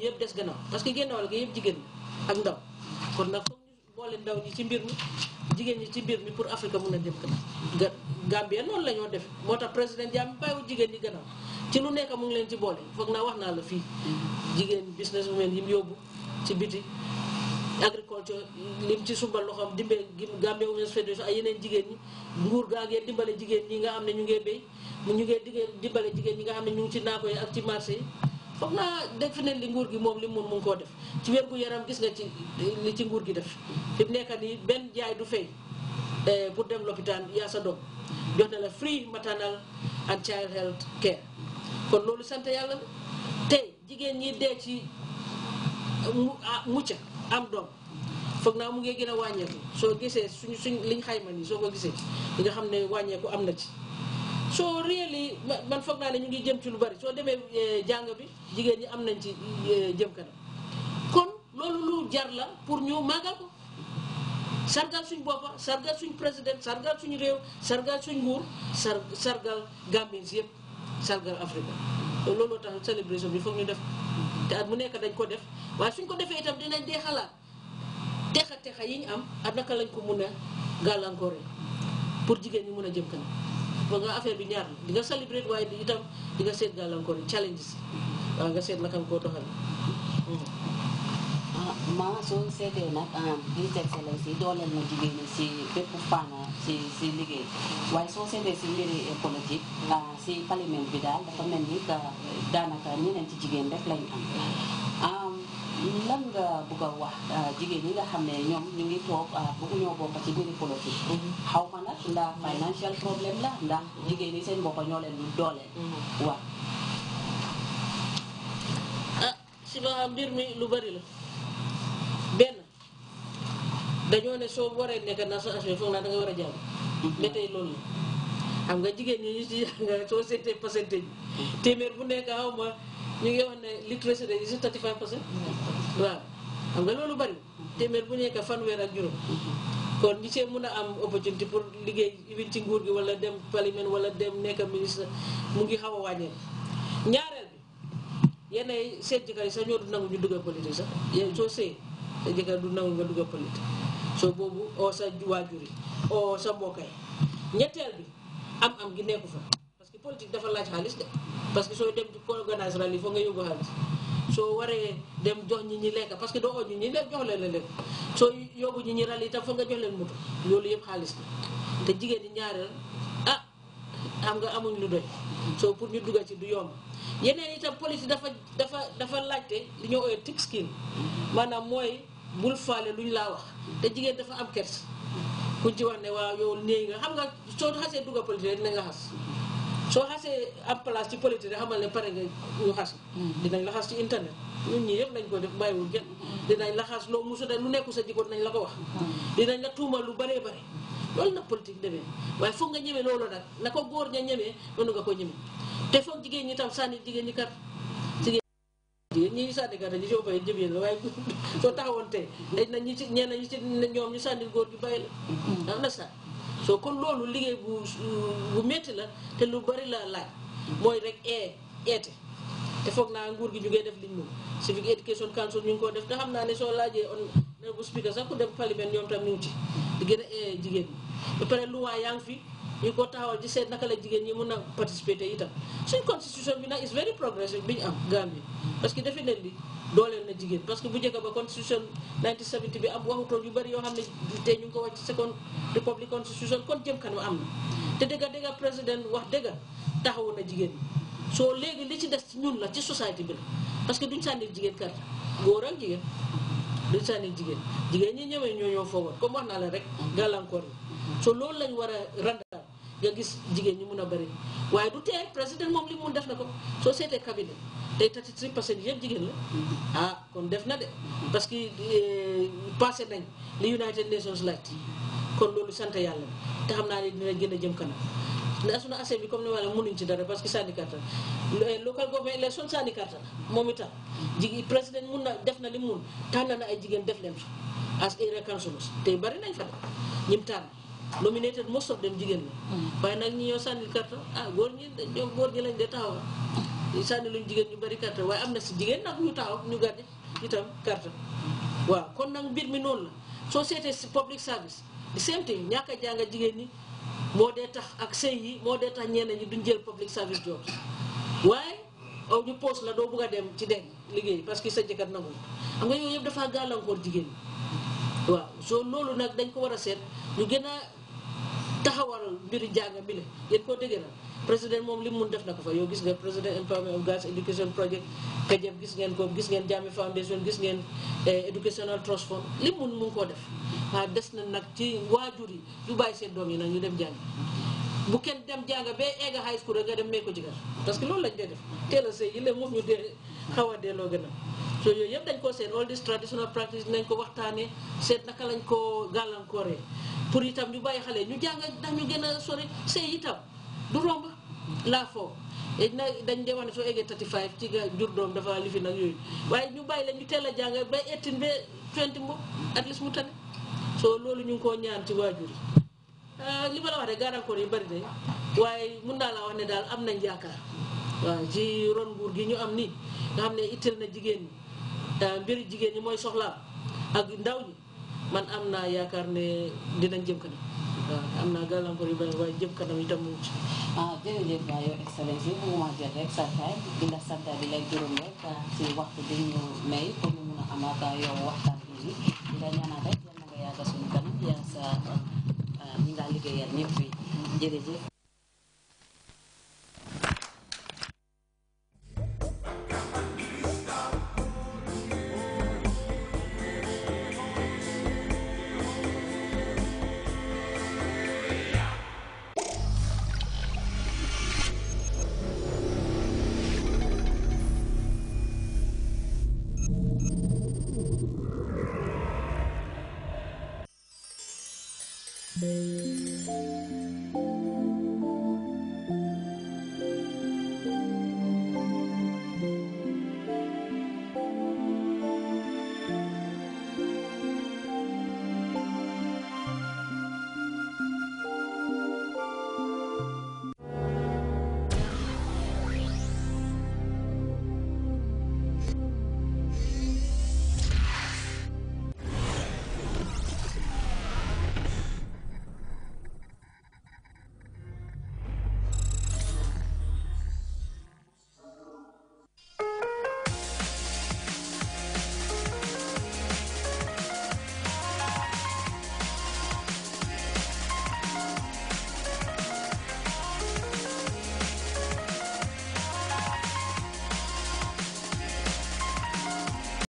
yëpp des gannaaw parce que génn wàll gi yëpp jigéen ñi ak ndaw kon nag foog ñu boole ndaw ñi ci mbir mi jigéen ñi ci mbir mi pour Afrique mun a dem kanam Gambie noonu la ñoo def moo tax président bay bàyyiwul jigéen ñi gannaaw ci lu nekk mu ngi leen ci boole foog naa wax naa la fii jigéen business women yi mu yóbbu ci biti agriculture lim ci sumbal loxoom dimbale Gambia Women's Federation ay yeneen jigéen ñi nguur gaa ngeen dimbale jigéen ñi nga xam ne ñu ngee béy ñu ngee diggee dimbale jigéen ñi nga xam ne ñu ngi ci naako yi ak foog naa def ne li nguur gi moom li mun mu ngi koo def ci wér gu yaram gis nga ci li ci nguur gi def fi mu nekk nii benn jaay du fey eh, pour dem lopitaan yaa sa doom jox na la free maternal and child health care kon loolu sant yàlla tey jigéen ñi dee ci mu ah, mucca am doom foog naa mu ngi gën a wàññeeku soo gisee suñ suñ liñ xayma nii soo ko gisee li nga xam ne wàññeeku am na ci soo really man foog naa ne ñu ngi jëm ci lu bari soo demee eh, jàng bi jigéen ñi am nañ ci eh, jëm kanam kon loolu lu jar la pour ñu màggal ko sargal suñ boppa sargal suñ président sargal suñ réew sargal suñ nguur sar sargal gambien si yëpp sargal africa looloo tax célébration bi foog ñu def te at mu nekk dañ ko def waaye suñ ko defee itam dinañ dee xalaat texa texa yi ñu am ak naka lañ ko mun a gàllankoor pour jigéen ñi mun a jëm kanam ba nga affaire bi ñaar di nga célébrer waaye itam di nga seet gàllankoor yi challenges waaw nga seet nga koo hmm. ah, seetee nag His ah, Excellency na jigéen ñi si bépp fànn si liggéey waaye soo seetee si mbiri politique si ah, parlement bi daal dafa mel ni daanaka ñeneen ci jigéen rek lañ am. lan nga bëgg a wax jigéen ñi nga xam ne ñoom ñu ngi toog bëgg ñoo bokk ci biir politique xaw mhm. ma nag ndax financial problème la ndax jigéen ñi seen bopp ñoo leen dooleel mhm. waaw ah si ba mbir mi lu bari la benn dañoo ne soo waree nekk na sa assuré foog naa da nga war a jàng mhm. ba tey loolu la xam nga jigéen ñi ñu ci jàng soo seetee pourcentage bi téeméer bu nekk xaw ma ñu ngi wax ne literacy 35 percent waaw xam nga loolu bari téeméer bu nekk fanweer ak juróom kon ñi see mun a am opportunité pour liggéey ibil ci nguur gi wala dem parlement wala dem nekk ministre mu ngi xaw a wàññeeku ñaareel bi yenn seen jëkkër yi sax ñoo du nangu ñu dugg politique sax yow soo sa jëkkër du nangu boobu oo sa waajur yi sa mbokk ñetteel bi am am gi nekku fa parce que politique dafa laaj xaalis de parce que soo dem ci organise rally foo nga yóbbu xaalis soo waree dem jox ñi ñi lekk parce que doo oo ñi ñi lekk jox leen la lekk soo yóbbu ñi ñi yi itam foog nga jox leen moto loolu yëpp xaalis la te jigéen ñi ñaareel ah xam nga amuñ lu doy soo pour ñu dugga ci du yomb yeneen itam politique dafa dafa dafa laajte li ñoo ooyee thick skin maanaam mooy bul faale luñ laa wax te jigéen dafa am kers kuñ ci wax ne waaw yow néeg nga xam nga soo xasee dugga politique rek dina xas soo xasee am place ci politique rek xamal ne pare nga ñu xas mm. dinañ laxas xas ci internet ñun ñi yëpp lañ ko def bàyyiwul kenn mm. dinañ la xas loo musu de lu nekku sa jikko nañ la ko wax mm. dinañ la tuumal lu bëree bëri loolu nag politique demee waaye foog nga ñemee loolu nag na ko góor ña ñemee mënu nga ko ñemee te foog jigéen ñi tam sànni jigéen ñi kat jigéen ñi sànni kat dañu soo fay jëmee la waaye soo taxawoon tey dañ na ñi ci ñenn ñi ci ñoom ñu sànni góor gi bàyyi la na sa so kon loolu liggéey bu bu metti la te lu bari la laaj mooy rek ee eete te foog naa nguur gi ñu ngee def liñ moom civic education council ñu ngi ko def te xam naa ne soo laajee on bu speaker sax ku dem parlement ñoom tam ñu ngi ci di gën a e jigéen ñi ba pare luwaa yaa ngi fi ñu ko taxawal di seet naka la jigéen ñi mën a participer te itam suñ constitution bi nag is very progressive bi ñu am Gambie parce que defe ne li dooleel na jigéen parce que bu njëkk ba constitution 1970 bi am waxutoon yu bari yoo xam ne tey ñu ngi ko ci second republic constitution kon jëm kanam am na te dëgga dëgga président wax dëgga taxawu na jigéen so léegi li ci des ci ñun la ci society bi la parce que duñ sànnil jigéen kat góor ak jigéen duñ sànnil jigéen jigéen ñi ñëwee ñoo ñoo foogoon comme wax naa la rek gàllankoor so loolu lañ war a nga gis jigéen ñi mun a bëri waaye du tee président moom li mu def na ko soo seetee cabinet tey 33 pour cent yëpp jigéen la ah kon def na de parce que euh, passé nañ li United Nations laaj kon loolu sant yàlla te xam naa ne dina gën a jëm kanam ndax sunu assé bi comme ni ma la mënuñ ci dara parce que sànni karta euh, local government election sànni karta moom itam jigéen président mun na def na li mun tànn na ay jigéen def leen as area councillors tey bëri nañ fa ñim tànn nominated most of them jigen la hmm. nak ñi ñoo sànni carte ah goor ñi ñoo goor ñi lañ de taxaw hmm. sànni luñu jigen ñu bari carte waaye amna ci jigen nak ñu taxaw ñu gàdde itam carte hmm. wa kon nak bir mi non la société public service the same thing ñaka jangal jigen jigéen ñi moo dee tax ak sey yi mo de tax ñeena ñi duñ jël public service jobs waaye aw ñu poste la do bugg a dem ci den liggéey parce que sa jëkkat na nangul xam nga yooyu yëpp dafa gàllankoor jigéen waaw so loolu nag dañ ko war a seet ñu gën a taxawal mbiru jàng mi la yéen koo dëgëral président moom li mu mun def na ko fa yow gis nga président empowerment of girls education project kajab gis ngeen ko gis ngeen Jammeh foundation gis ngeen eh, educational trust fund li mu mun mu ngi koo def waaw des na nag ci waajur yi ñu bàyyi seen doom yi nag ñu dem jàng bu kenn dem jàng ba egg high school nga dem mee ko jigar parce que loolu lañ dee def teel a sëy yi la moom ñu dee xaw a delloo gën a so yooyu yëpp dañ koo seet all this traditional practice nañ ko waxtaanee seet naka lañ koo gàllankooree pour itam ñu bàyyi xale ñu jàng ndax ñu gën a sori sëy itam du romb laa foo na dañ dee wax ne soo eggee 35 ci nga jur doom dafa lifi nag yooyu waaye ñu bàyyi la ñu teel a jàng ba 18 ba 20 mu at least mu tane so loolu ñu ngi koo ñaan ci waajur yi euh, li ma la wax de gàllankoor yi bari nañ waaye mun naa laa wax ne daal am nañ yaakaar waaw ci nguur gi ñu am nii nga xam ne itteel na jigéen ñi mbir jigéen ñi mooy soxlaam ak ndaw ñi man am naa yaakaar ne dinañ jëm kanam waaw am naa gàllankoor yu bëri waaye jëm kanam itam mu ci ah jërëjëf waay yow excellence yi bëgguma jël rek sa taay di la sant di la gërëm rek ah, ci waxtu bi ñu may pour ñu mun a amaat ah, yow waxtaan bi di la ñaanal rek yal nga yàgg suñu kanam yaa sa ah, ñi nga liggéeyal ñëpp fi jërëjëf Música